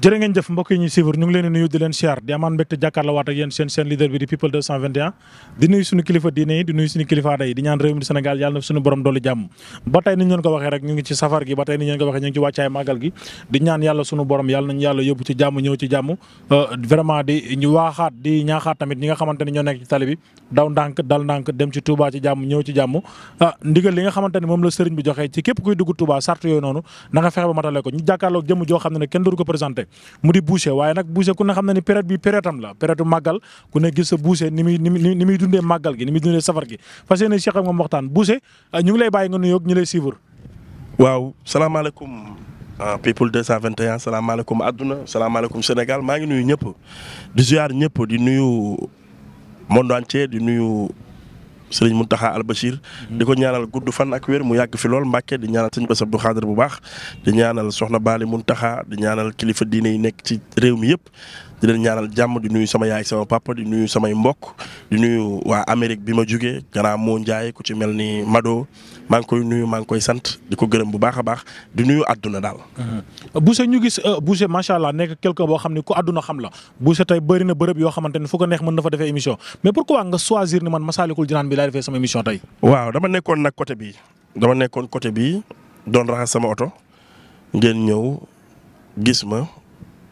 jërë ngeen jëf mbokk yi ñuy suivre ñu ngi leen di nuyu di leen siyaar di amaan mbégte jàkkaarloo waat ak seen seen leader bi di people 221 di nuyu suñu di nuyu suñu kilifa aada yi di ñaan réew mi Sénégal yàlla na suñu borom doolu jàmm ba tey ni ñu ko waxee rek ñu ngi ci safar gi ba tey ni ñu leen ko waxee ñu ci wàccaay màggal gi di ñaan yàlla suñu borom yàlla nañu yàlla yóbbu ci jàmm ñëw ci jàmm euh, vraiment di ñaaxaat tamit ñi nga xamante ne ñoo nekk ci tali bi daw ndànk dal ndànk dem ci jàmm ñëw ci jàmm euh, ndigal li nga xamante ne moom la sëriñ bi joxee ci képp kuy kenn du mu di boucher waaye nag boucher ku ne xam na ni période bi période am la période màggal ku ne gis sa boucher ni muy ni muy ni muy dundee màggal gi ni muy dundee safar gi fas yéene Cheikh nga waxtaan boucher euh, ñu ngi lay bàyyi nga nuyoog ñu lay suivre. waaw salaamaaleykum euh, people 221 salaamaaleykum adduna salaamaaleykum Sénégal maa ngi nuyu ñëpp di ziar ñëpp di nuyu monde entier di nuyu. sëriñ Mountakha Al Bachir mhm. di ko ñaanal gudd fan ak wér mu yàgg fi lool Mbàkke di ñaanal sëñ Bass bu Khadre bu baax di ñaanal soxna Baali Mountakha di ñaanal kilifa diine yi nekk ci réew mi yëpp di leen ñaanal jàmm di nuyu sama yaay sama papa di nuyu samay mbokk di ñuy waa Amérique bi ma jógee gannaaw moo njaay ku ci mel ni Mado maa ngi koy nuyu maa ngi koy sant di ko gërëm bu baax a baax di nuyu àdduna daal. Uh-huh. Boucher ñu gis uh, Boucher macha allah nekk quelqu'un boo xam ne ku àdduna xam la Boucher tey bëri na bërëb yoo xamante ne fu ko neex mën na fa defee émission mais pourquoi nga choisir ni man Massalikul Jinaan bi laa defee sama émission tey. waaw dama nekkoon nag côté bii dama nekkoon côté bi doon raxas sama oto ngeen ñëw gis ma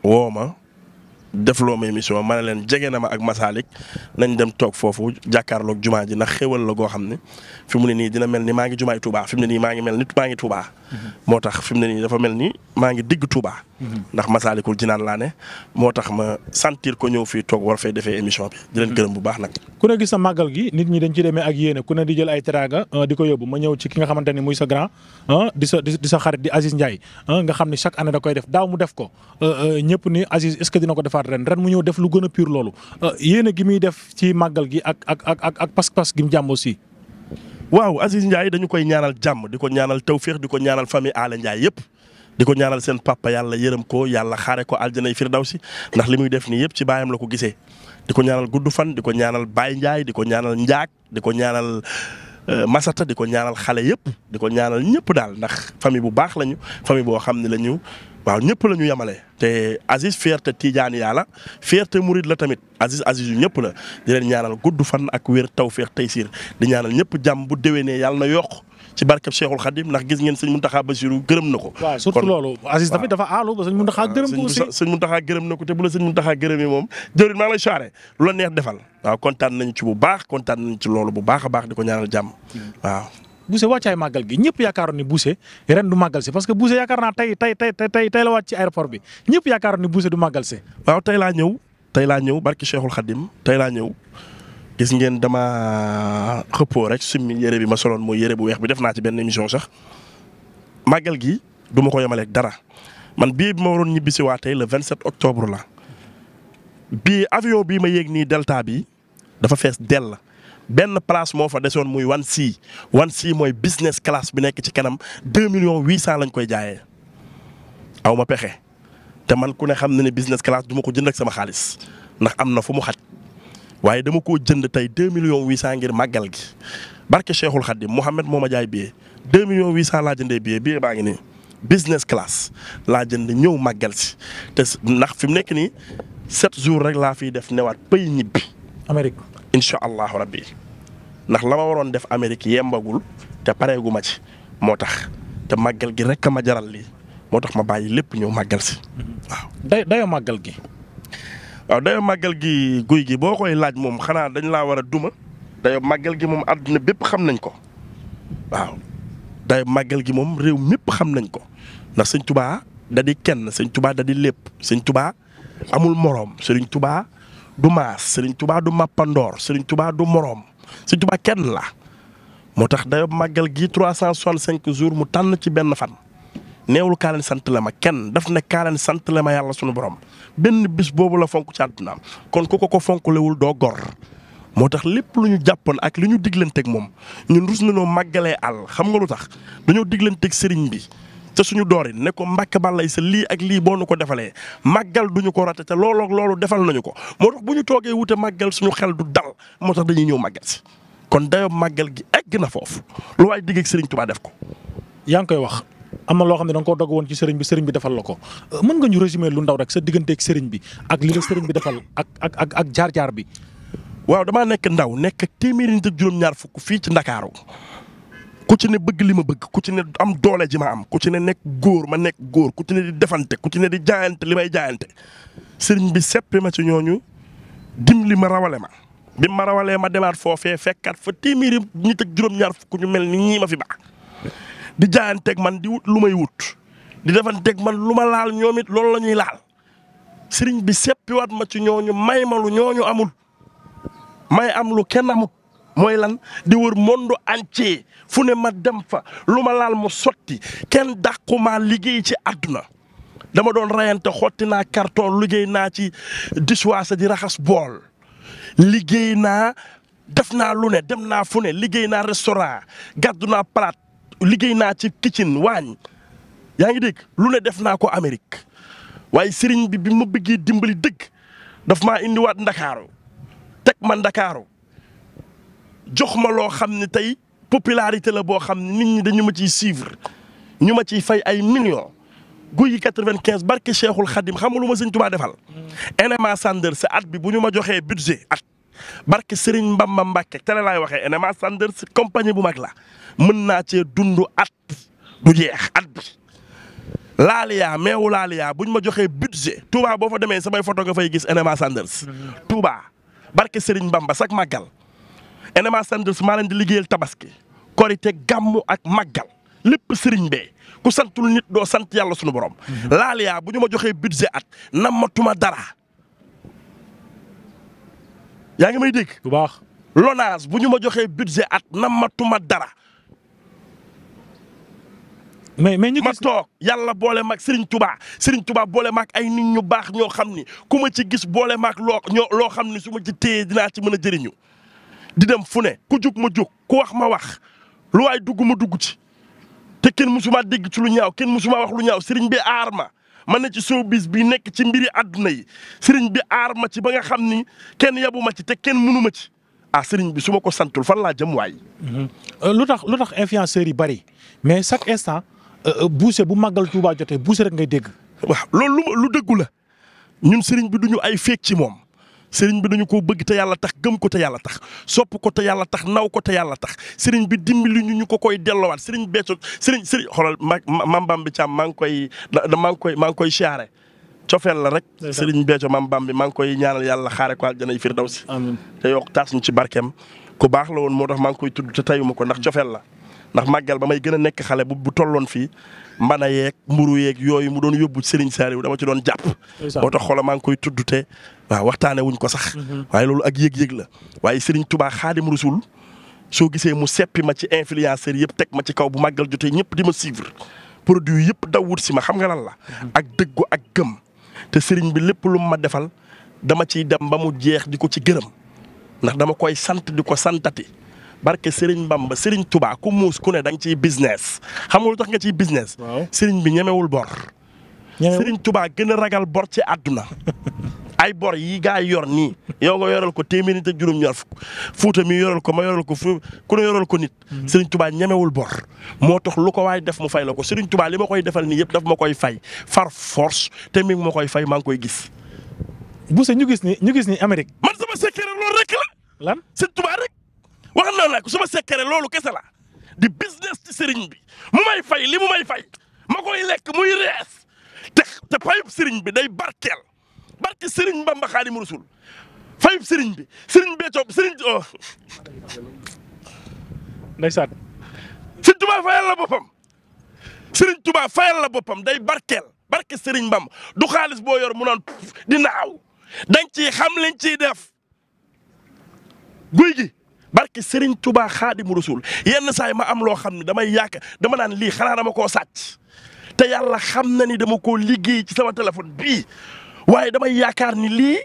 woo ma def loo ma émission ma ne leen jege na ma ak Masalik nañ dem toog foofu jàkkaarloog jumaa ji ndax xéwal la goo xam ne fi mu ne nii dina mel ni maa ngi jumaay Touba fi mu ne nii maa ngi mel ni maa ngi Touba. Mhm. moo tax fi mu ne nii dafa mel ni maa ngi digg Touba. ndax Masaalikul Jinaan laa ne moo tax ma sentir ko ñëw fii toog war fay defee émission bi di leen gërëm bu baax nag ku ne gis sa màggal gi nit ñi dañ ci demee ak yéene ku ne di jël ay teraanga euh, di ko yóbbu ma ñëw ci ki nga xamante ne muy sa grand euh, di sa sa xarit di Aziz Ndiaye euh, nga xam ne chaque année da koy def daaw mu def ko ñëpp ni Aziz est-ce que dina ko defaat ren ren mu ñëw def lu gën a pur loolu yéene gi muy def ci màggal gi ak ak ak ak pas-pas gi mu jàmm aussi waaw Aziz Ndiaye dañu koy ñaanal jàmm di ko ñaanal tawféex di ko ñaanal famille Aale yëpp di ko ñaanal seen papa yàlla yërëm ko yàlla xare ko aljanay si ndax li muy def nii yëpp ci baayam la ko gisee di ko ñaanal gudd fan di ko ñaanal Baye Ndiaye di ko ñaanal Ndiak di ko ñaanal euh, Masata ko ñaanal xale yëpp di ko ñaanal ñëpp daal ndax famille bu baax lañu fami boo xam ne lañu waaw ñëpp la ñu yemale te Aziz fierté tiijaan yàlla fierté Mouride la tamit Aziz Aziz yu ñëpp la di leen ñaanal gudd fan ak taw wér tey taysiir di ñaanal ñëpp jàmm bu déwénee yàlla na yokk ci barkeb Cheikhul Khadim ndax gis ngeen sëñ Mountakha Bassirou gërëm na ko loolu Aziz dafa aalu ba sëñ Mountakha gërëm ko aussi sëñ Mountakha gërëm na ko te bu la sëñ Mountakha gërëmee moom jëwriñ maa lay saare lu neex defal waaw kontaan nañ ci bu baax kontaan nañ ci loolu bu baax a baax di ko ñaanal jàmm waaw Bousse ay màggal gi ñëpp yaakaaroon ni Bousse ren du màggal si parce que Bousse yaakaar naa tey tey tey tey tey la wàcc ci aéroport bi ñëpp yaakaaroon ni Bousse du màggal si waaw tey laa ñëw tey laa ñëw barki Cheikhul Khadim tey laa ñëw gis ngeen dama xëppoo rek simmi yére bi ma soloon mooy yére bu weex bi def naa ci benn émission sax màggal gi du ma ko yemaleeg dara man bii bi ma waroon ñibbisi waa tey le 27 octobre la bii avion bii ma yéeg nii delta bi dafa fees dell benn place moo fa desoon muy wan si wan si mooy business class bi nekk ci kanam deux million huit cent lañ koy jaayee aw ma pexe te man ku ne xam na ne business class duma ko jënd ak sama xaalis ndax am na fu mu xa waaye dama ko jënd tey deux millions huit cent ngir màggal gi barke Cheikhul Khadim Mouhamed moo ma jaay billet deux millions huit cent laa jëndee billet billet baa ngi nii business class laa jënd ñëw màggal si te ndax fi mu nekk nii sept jours rek laa fiy def newaat pëy ñibbi. Amérique incha allahu rabbi ndax la ma waroon def Amérique yembagul te pareegu ma ci moo tax te màggal gi rek ma jaral li moo tax ma bàyyi lépp ñëw màggal si mm-hmm. waaw. day dayoo màggal gi. waaw dayo màggal gi guy gi boo koy laaj moom xanaa dañ laa war a duma dayo màggal gi moom àdduna bépp xam nañ ko waaw dayo màggal gi moom réew mépp xam nañ ko ndax sëñ tubaa da kenn sëñ tubaa da lépp sëñ tubaa amul moroom sëriñ tubaa du maas sëriñ tubaa du màppandoor sëriñ tubaa du moroom sëñ tubaa kenn la moo tax dayo màggal gi trois cent soixante-cinq jours mu tànn ci benn fan neewul kaa leen sant la ma kenn daf ne kaa leen sant la ma yàlla sunu borom benn bis boobu la fonk ci àddunaam kon ku ko ko lewul doo gor moo tax lépp lu ñu jàppoon ak lu ñu diglanteeg moom ñun rus na noo màggalee àll xam nga lu tax dañoo diglanteeg sëriñ bi te suñu doori ne ko mbàkk bàllay sa lii ak lii boo nu ko defalee màggal duñu ko rate te looloo loolu defal nañu ko moo tax bu ñu toogee wute màggal suñu xel du dal moo tax dañuy ñëw màggal si kon dayoo màggal gi egg na foofu lu waay digg ak sëriñ Tuubaa def ko. yaa ngi koy wax am na loo xam ne da nga koo dogg woon ci sëriñ bi sëriñ bi defal la ko mën nga ñu résumer lu ndaw rek sa digganteeg sëriñ bi ak li la sëriñ bi defal ak ak ak ak jaar-jaar bi. waaw damaa nekk ndaw nekk téeméeri nit ak juróom-ñaar fukk fii ci Ndakaaru ku bëgg li ma bëgg ku ci ne am doole ji ma am ku ci góor ma nekk góor ku di defante ku di jaayante li may jaayante sëriñ bi seppi ma ci ñooñu dimbali ma rawale ma. bi ma rawalee ma demaat foofee fekkaat fa téeméeri nit ak juróom-ñaar fukk ñu mel ni ñii ma fi baax. di jaayanteeg man di wut lu may wut di defanteeg man lu ma laal ñoom it loolu la ñuy laal sëriñ bi seppiwaat ma ci ñooñu may ma lu ñu amul may am lu kenn amul mooy lan di wër monde entier fu ne ma dem fa lu ma laal mu sotti kenn dàqumaa liggéey ci àdduna dama doon rayante xotti naa carton liggéey naa ci diswaasa di raxas bool liggéey naa def naa lu ne dem naa fu ne liggéey naa restaurant gàddu naa palaat liggéey naa ci kitchen waañ yaa ngi dégg lu ne def naa ko amerik waaye sëriñ bi bi ma bëggee dimbali dëgg daf maa indiwaat ndakaaru teg ma ndakaaru jox ma loo xam ne tey popularité la boo xam ne nit ñi dañu ma ciy suivre ñu ma ciy fay ay millions guy yi quatre-vingt-quinze barke Cheikhul Khadim xam nga lu ma sëñ Tuubaa defal. Mm. NMA Sanders sa at bi bu ñu ma joxee budget at. barke Serigne Mbamba Mbacke te la laay waxee NMA Sanders si compagnie bu mag la mën naa cee dund at du jeex at bi. laaliyaa meewu bu ñu ma joxee budget Touba boo fa demee samay photo nga fay gis NMA Sanders. Touba barke Serigne Mbamba sak màggal NMA Sanders maa leen di liggéeyal tabaski korite gàmmu ak màggal lépp Serigne be ku santul nit doo sant yàlla sunu borom. Mhm. laaliyaa bu ñu ma joxee budget at nammatuma dara. yaa ngi may dégg. bu baax bu ñu ma joxee budget at namatuma dara. mais mais ñu ma toog yàlla boole maag Serigne tubaa Serigne Touba boole maak ay nit ñu baax ñoo xam ni ku ma ci gis boole maag loo ñoo loo xam ni su ma ci téye dinaa ci mën a jëriñu. di dem fu ne ku jug ma jug ku wax ma wax lu waay dugg ma dugg ci te kenn mësuma dégg ci lu ñaaw kenn mësuma wax lu ñaaw Serigne bi aar ma man na ci showbiz bi nekk ci mbiri àdduna yi sëriñ bi aar ma ci ba nga xam ni kenn yabu ma ci te kenn mënu ma ci ah sëriñ bi suma ko santul fan laa jëm waay. Mhm. Euh, lu tax lu tax influenceurs yi bari mais chaque instant euh, euh, buuse bu màggal Tuubaa jotee buuse rek ngay dégg. waaw loolu lu lu la ñun sëriñ bi duñu ay féeg ci moom. sëriñ bi dañu ko bëgg te yàlla tax gëm ko te yàlla tax sopp ko te yàlla tax naw ko te yàlla tax sëriñ bi dimbali ñu ñu ko koy delloowaat sëriñ Béthio sëriñ sëriñ xoolal ma Mame Bambi Thiam maa ngi koy da maa koy maa ngi koy siyaare cofeel la rek sëriñ Béthio Mame Bambi maa ngi koy ñaanal yàlla xaare ko aljanay firdawsi te yokk taas ñu ci barkeem ku baax la woon moo tax maa ngi koy tudd te tayuma ko ndax cofeel la ndax màggal ba may gën a nekk xale bu bu tolloon fii mbana yeeg mburu yeeg yooyu mu doon yóbbu Serigne Saliou dama ci doon jàpp. moo tax xoola ngi koy tudd te waaw waxtaanee wuñ ko sax. Mhm. waaye loolu ak yëg-yëg la waaye Serigne Touba Xaadim Rasul soo gisee mu seppi ma ci influenceur yëpp teg ma ci kaw bu màggal jotee ñëpp di ma suivre produit yëpp daw wut si ma xam nga lan la. Mhm. ak dëggu ak gëm te sëriñ bi lépp lu ma defal dama ciy dem ba mu jeex di ko ci gërëm ndax dama koy sant di ko santati. barke Serigne Mbamba Serigne Touba ku muus ku ne da nga ciy business xam nga tax nga ciy business. waaw bi ñemewul bor. ñemewul Serigne Touba gën a ragal bor ci àdduna. ay bor yi gaa yor nii yow nga yoral ko téeméeri te juróom ñaar fuuta mi yoral ko ma yoral ko fu ku ne ko nit. Mhm. Serigne Touba ñemewul bor. moo tax lu ko waay def mu fay la ko Serigne Touba li ma koy defal nii yëpp daf ma koy fay far force te mi ngi koy fay maa ngi koy gis. Bousse ñu gis ni ñu gis ni Amérique. man sama secret loolu la. rek. wax na nag su ma sekkere loolu kese la di business ci sëriñ bi mu may fay li mu may fay ma koy lekk muy rees te te fayub sëriñ bi day barkeel barke sëriñ Bamba Xaadimu Rasuul fayub sëriñ bi sëriñ Béthio sëriñ oh. ndeysaan. sëriñ Tuubaa fayal la boppam sëriñ Tuubaa fayal la boppam day barkel barke sëriñ Bamba du xaalis boo yor mu naan di naaw dañ ci xam lañ ciy def guy gi. barki Serigne Touba Xaadimu Rasul yenn saa yi ma am loo xam ne damay yàq dama naan lii xanaa dama koo sàcc te yàlla xam na ni dama koo liggéey ci sama téléphone bii waaye damay yaakaar ni lii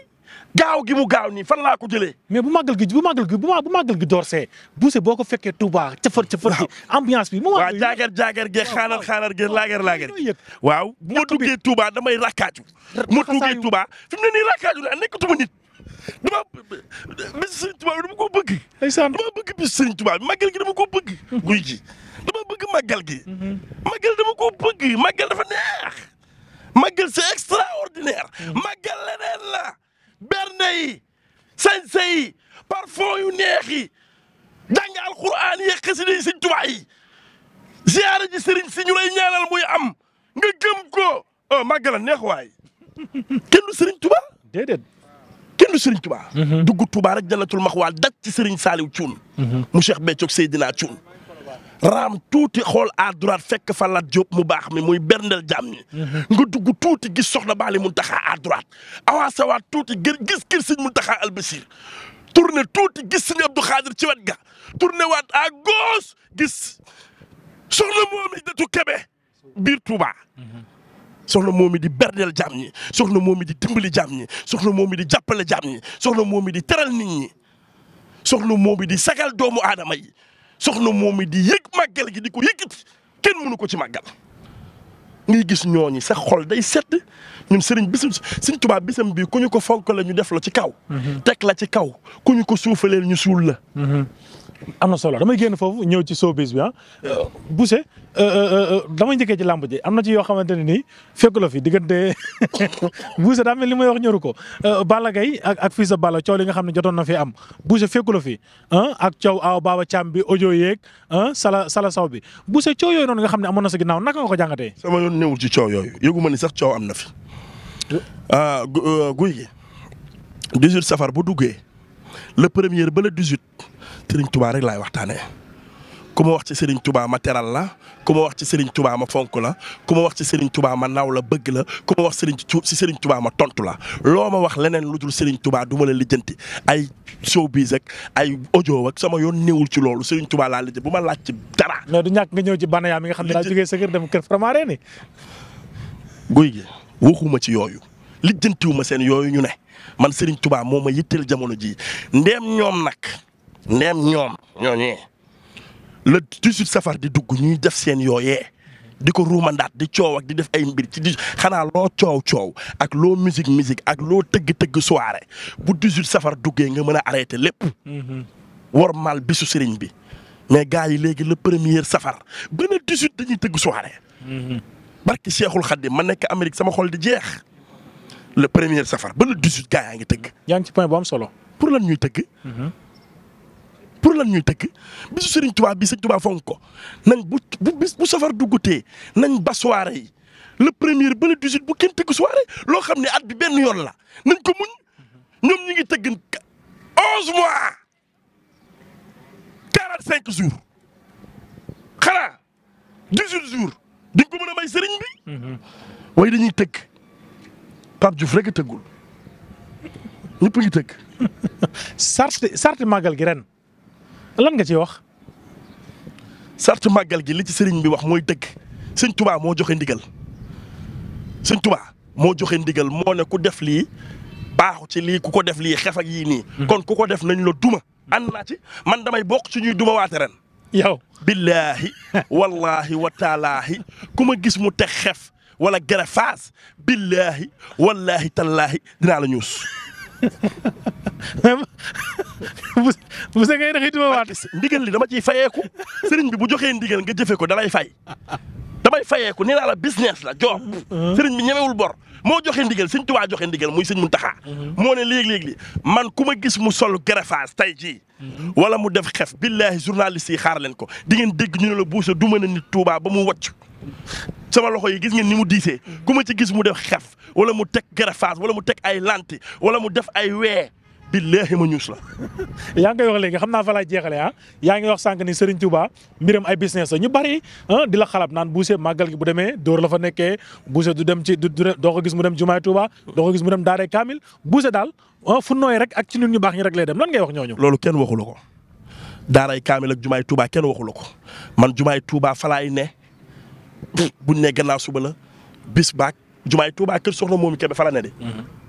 gaaw gi mu gaaw ni fan laa ko jëlee. mais bu màggal gi bu màggal gi bu màggal gi doorsee buuse boo ko fekkee Touba cëfër cëfër gi ambiance bi. waaw jaager jaager ge xaaral xaaral ge laager laager waaw bu ma duggee damay rakkaaju. rakkaaju ma duggee Touba fi mu ne nii rakkaaju la nit. dama bis sëñ Tuubaa bi dama ko bëgg. ndeysaan dama bëgg bis sëñ Tuubaa bi màggal gi dama ko bëgg. guy ji dama bëgg màggal gi. màggal mm-hmm. dafa neex. màggal c'est extraordinaire. màggal mm-hmm. leneen la. berne yi. sañse yi. parfum yu neex yi. jàng alquran yi xasida yi sëñ Tuubaa ji sëriñ si ñu lay ñaanal muy am. nga gëm ko. oh màggal a neex waay. kenn du sëriñ Tuubaa kenn du Serigne Touba. Mhm. dugg Touba rek jëlatul maxwaa daj ci Serigne Saliou Thioune. Mhm. mu Cheikh Béthio Seydina Thioune. raam tuuti xool à droite fekk fa mu baax mi muy berndel jàmm ñi. Mhm. nga dugg tuuti gis soxna Baali Muntaxa à droite. avancé waat tuuti gën gis kër Sëñ Muntaxa Albasir tourné tuuti gis Sëñ Abdou Khadir ci wet ga. tourné waat à gauche gis soxna moom yi datu Kébé biir Touba. soxna moom it di berdeel jaam ñi soxna moom it di dimbali jaam ñi soxna moom it di jàppale jaam ñi soxna moom it di teral nit ñi soxna moom it di sagal doomu aadama yi soxna moom it di yëg màggal gi di ko yëkkati kenn mënu ko ci màggal. ngay gis ñooñi sa xol day set ñun sëriñ bisum sëriñ Tuubaa bisam bii ku ñu ko fonk la ñu def la ci kaw. Mm-hmm. teg la ci kaw ku ñu ko suufalee ñu suul la. Mm-hmm. am na solo damay génn foofu ñëw ci showbiz bi ah. Bousse euh, euh, euh, damay njëkkee ci làmb ji am na ci yoo xamante ne nii fekk la fi diggante Bousse daa mel li may wax ñoru ko Balla Gaye ak ak fii sa Balla coow li nga xam ne jotoon na fi am Bousse fekk la fi ak coow aw Baba Thiam bi audio yeeg sala sala saw bi Bousse coow yooyu noonu nga xam ne amoon na sa ginnaaw naka nga ko jàngatee. sama yoon newul ci coow yooyu yëgu ma sax coow am na fi. Ah, guy gi 18 safar bu duggee. le premier ba le 18 Serigne tubaa rek laay waxtaanee ku ma wax ci Serigne tubaa ma teral la ku ma wax ci Serigne Touba ma fonk la ku ma wax ci Serigne tubaa ma naw la bëgg la ku wax Serigne ci Serigne Touba ma tontu la loo ma wax leneen lu dul Serigne tubaa du ma la lijjanti ay showbiz ak ay audio ak sama yoon néewul ci loolu Serigne Touba laa lijjanti bu ma laaj ci dara. non du ñàkk nga ñëw ci Banaya mi nga xam ne daa jógee sa kër dem kër Faramareen gi waxuma ci yooyu lijjantiwuma seen yooyu ñu ne. man Serigne tubaab moo ma yitteel jamono jii ndeem ñoom nag ndeem ñoom ñooñee le 18 safar di dugg ñuy def seen yooyee di ko ruumandaat di coow ak di def ay mbir ci di xanaa loo coow coow ak loo musique musique ak loo tëgg tëgg soirée bu 18 safar duggee nga mën a arrêté lépp. Mm-hmm. war mal bisu Serigne bi mais gars yi léegi le premier safar ba le 18 dañuy tëgg soirée. Mm-hmm. barki Cheikhul Khadim ma nekk Amérique sama xol di jeex. le premier safar ba le 18 gaa yaa ngi tëgg. yaa ngi ci point bu am solo. pour lan ñuy tëgg. Mhm. pour lan ñuy tëgg bisu Serigne Touba bi Serigne Touba fonk ko nañ bu bu bis bu safar nañ ba soirée yi le premier ba le bu kenn tëgg soirée loo xam ne at bi benn yoon la nañ ko muñ ñoom ngi tëgg 11 mois 45 jours xanaa 18 jours di nga ko mën a may Serigne bi. Mhm. waaye dañuy tëgg. Pape Diouf rek a tëggul ñëpp ngi tëgg. sarti sarti màggal gi ren lan nga ci wax. sarti màggal gi li ci sëriñ bi wax mooy dëgg sëñ tubaa moo joxe ndigal sëñ Touba moo joxe ndigal moo ne ku def lii baaxu ci lii ku ko def lii xef ak yii nii. Hmm. kon ku ko def nañ la duma. ànd naa ci man damay bokk ci ñuy duma waate ren. yow billaahi wallaahi wa taalaahi ku ma gis mu teg xef wala garafaas billaahi wallaahi tallaahi dinaa la ñuus. bu se ngay raxituma waat ndigal li dama ciy fayeeku sëriñ bi bu joxee ndigal nga jëfe ko dalay fay. damay fayeeku nee naa la business la job mm-hmm. sëriñ bi ñemewul bor moo joxe ndigal sëñ waa joxe ndigal muy sëñ taxa mm-hmm. moo ne léeg-léeg li man ku ma gis mu sol greffage tey jii mm-hmm. wala mu def xef billaahi journaliste yi xaar leen ko di ngeen dégg ñu ne la buusa du mën a nit Tuubaa ba mu wacc sama loxo yi gis ngeen ni mu diisee ku ma ci gis mu def xef wala mu teg greffage wala mu teg ay lanti wala mu def ay wee billaahi ma ñuus la yaa ngi wax léegi xam naa fa laay jeexale ah yaa wax sànq ni Serigne Touba mbiram ay business la ñu bari ah, di la xalaat naan buuse maggal gi bu demee dóor la fa nekkee buuse du dem ci du ko gis mu dem jumaay Touba doo gis mu dem daaree Kaamil buuse daal ah, fu nooy rek ak ci nit ñu baax ñi rek lay dem lan ngay wax ñooñu. loolu kenn waxu la ko daaray Kaamil ak jumaay Touba kenn waxu la ko man jumaay Touba falaay ne buñ ne gannaaw suba la bis baak jumaay Touba kër soxna moomu Kébé fa la ne de. Mm-hmm.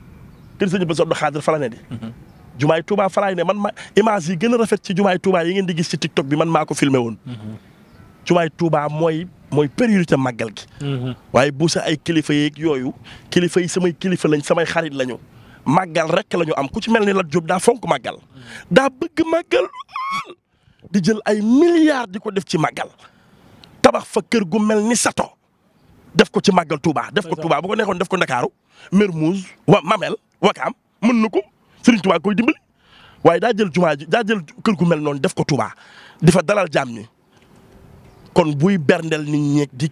kër sëñ Bass Abdou Khadre fa la ne di mhm. jumaay Touba fa ne man ma image yi gën a rafet ci jumaay Touba yi ngeen di gis ci TikTok bi man maa ko filmé woon mhm. jumaay tuubaa mooy mooy priorité màggal gi mhm. waaye bu sa ay kilifa yeeg yooyu kilifa yi samay kilifa lañ samay xarit lañu màggal rek lañu am ku ci mel ni Lat Diop daa fonk màggal daa bëgg màggal di jël ay milliards di ko def ci màggal tabax fa kër gu mel ni sato def ko ci màggal Touba def ko Touba bu ko neexoon def ko Ndakaaru Mermoz wa Mamel Wakaam mën na ko Serigne Touba koy dimbali waaye daa jël jumaa ji daa jël kër gu mel noonu def ko Touba di fa dalal jaam ni kon buy berndeel nit ñeeg di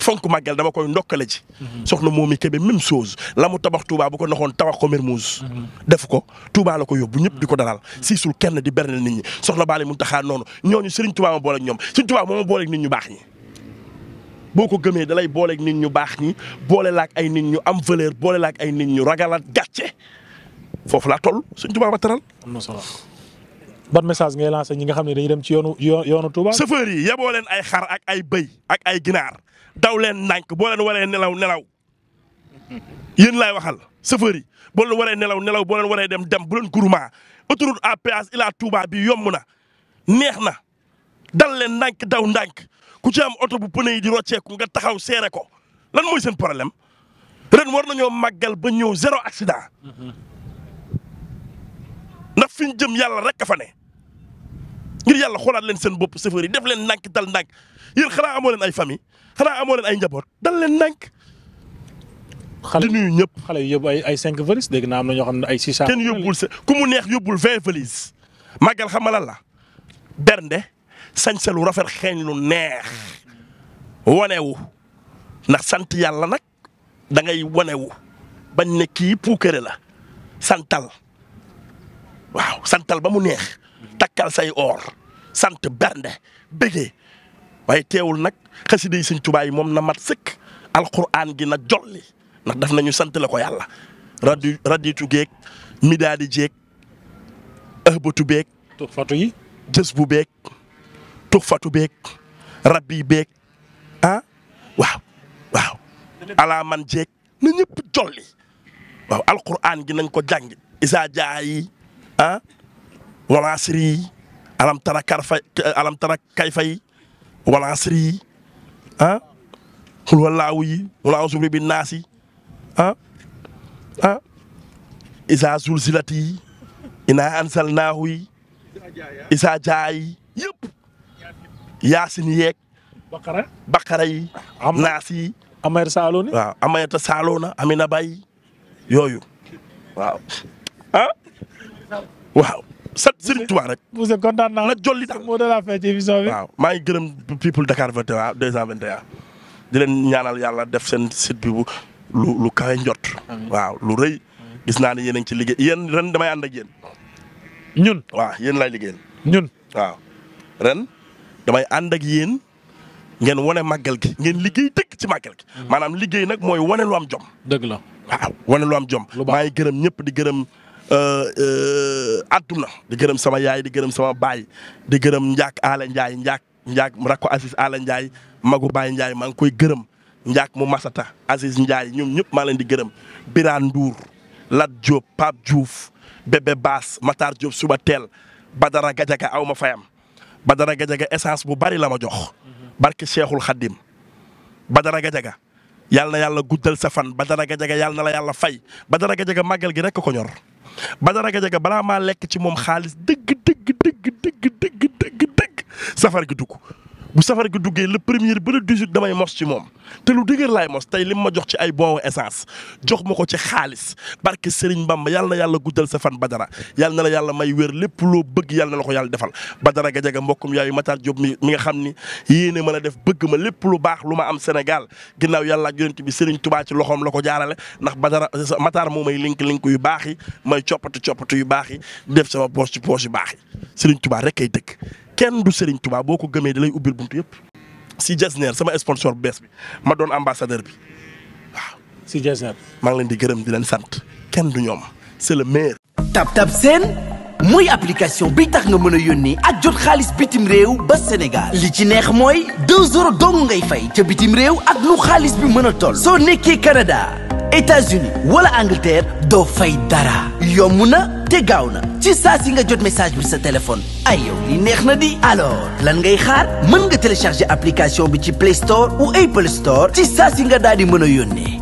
fonk màggal dama koy ndokkale ci. Mhm. soxna Momi Kébé même chose la mu tabax Touba bu ko naxoon tabax ko Mermoz. Mhm. def ko Touba la ko yóbbu ñëpp di ko dalal. Mhm. siisul kenn di berndeel nit ñi soxna Baali Muntaxa noonu ñooñu Serigne Touba ma boole ak ñoom Serigne Touba moo ma boole nit ñu baax ñi. boo ko gëmee dalay booleeg nit ñu baax nii boole laak ay nit ñu am valeur boole laak ay nit ñu ragalaat gàcce foofu laa toll suñ Tuubaa ba taral. am na message ngay lancé ñi nga xam ne dañu dem ci yoonu yoonu Tuubaa. chauffeur yi yeboo leen ay xar ak ay bëy ak ay ginaar daw leen ndànk boo leen waree nelaw nelaw yéen laay waxal chauffeur yi boo leen waree nelaw nelaw boo leen waree dem dem bu leen groupement autoroute à péage Ila Touba yomb na neex na dal leen ndànk daw ndànk. ku ci am oto bu pneu yi di rocceeku nga taxaw seere ko lan mooy seen problème ren war nañoo màggal ba ñëw zéro accident ndax fi ñu jëm yàlla rek a fa ne ngir yàlla xoolaat leen seen bopp chauffeur yi def leen ndànk dal ndànk yéen xanaa amoo leen ay famille xalaa amoo leen ay njaboot dal leen ndànk. xale di nuyu ñëpp xale yóbbu ay ay cinq valises dégg naa am na ñoo xam ne ay six. kenn yóbbul sa ku mu neex yóbbul vingt valises màggal xamalal la bernde. sañse lu rafet xeeñ lu neex wanewu ndax sant yàlla nag dangay ngay wanewu bañ ne kii puukare la santal waaw santal ba mu neex takkal say or sant bernde bëggee waaye teewul nag xasida yi tubaay yi moom na mat sëkk alquran gi na jolli ndax def nañu sant la ko yàlla radi raditu geeg midaadi jeeg ëhbatu beeg. fatu yi jës bu beeg. tuxfatu beeg rabbi beeg ah waaw waaw man jeeg na ñëpp jolli waaw alquran gi nañ ko jàng isa jaa yi ah alam tara karfa alam tara kayfa yi wala asri ah, yi ah xul walaawu yi wala ausubri bi naas yi ah ah yi ina ansalnaahu yi yaasin yeeg. Bakara Bakara yi. am naas yi. Amar Saloone waaw Amayata Saloona Amina Bay yooyu waaw ah waaw. sat Serigne waa rek. monsieur kontaan jolli daal moo de la fee ci bi. waaw maa ngi gërëm people Dakar 21 221 di leen ñaanal yàlla def seen sit bi lu lu kawe njot. waaw lu rëy. gis naa ne yéen a ci liggéey yéen ren damay ànd ak yéen. ñun waaw yéen laay liggéeyal. ñun waaw ren. damay ànd ak yéen ngeen wane màggal gi ngeen liggéey dëgg ci màggal gi. Mm. maanaam liggéey nag mooy wane lu am jom. dëgg la wane lu am jom. maa gërëm ñëpp di gërëm euh, euh, àdduna. di gërëm sama yaay di gërëm sama baay di gërëm Ndiak Aala Ndiaye njaak mu rakko Aziz Aala Ndiaye magu baay Ndiaye maa ngi koy gërëm njaak mu Masata Aziz Ndiaye ñoom ñëpp maa leen di gërëm Birane Ndour Lat Diop Pape Diouf Bébé Baas Matar Diop suba teel Badara Gadiaga aw ma fayam. Badara Gajaga essence bu bari la ma jox barke Cheikhul Khadim Badara Gajaga yàlla na yàlla guddal sa fan Badara Gajaga yàlla na la yàlla fay Badara Gajaga màggal gi rek ko ñor Badara Gajaga balaa ma lekk ci moom xaalis dëgg dëgg dëgg dëgg dëgg dëgg safar gi dugg. bu safar gi duggee le premier ba le 18 damay mos ci moom te lu dëgër laay mos tey lim ma jox ci ay bon essence jox ma ko ci xaalis barke Serigne mbam yàlla na yàlla guddal sa fan Badara yàlla na la yàlla may wér lépp loo bëgg yàlla na la ko yàlla defal Badara Gajaga mbokkum yaayu Matar Diop mi mi nga xam ni yéene ma la def bëgg ma lépp lu baax lu ma am Sénégal ginnaaw yàlla ak bi Serigne Touba ci loxoom la ko jaarale ndax Badara mataar moo may link link yu baax yi may coppatu coppatu yu baax yi def sama poche ci poche yu baax yi Serigne Touba rek kay dëkk kenn du Serigne Touba boo ko gëmee da lay ubbil buntu yëpp si Jesner sama sponsor bu bees bi ma doon ambassadeur bi waaw. si Jesner. maa ngi leen di gërëm di leen sant kenn du ñoom c'est le meilleur. Tap Tap Seen mooy application bi tax nga mën a yónnee ak jot xaalis bitim réew ba Sénégal li ci neex mooy 2 euros dong ngay fay ca bitim réew ak lu xaalis bi mën a toll. soo nekkee Canada. États-Unis wala Angleterre doo fay dara yomb na te gaaw na ci saa si nga jot message bi sa téléphone ay yow li neex na di alors lan ngay xaar mën nga télécharger application bi ci Play Store ou Apple Store ci saa si nga daal di mën a yónnee.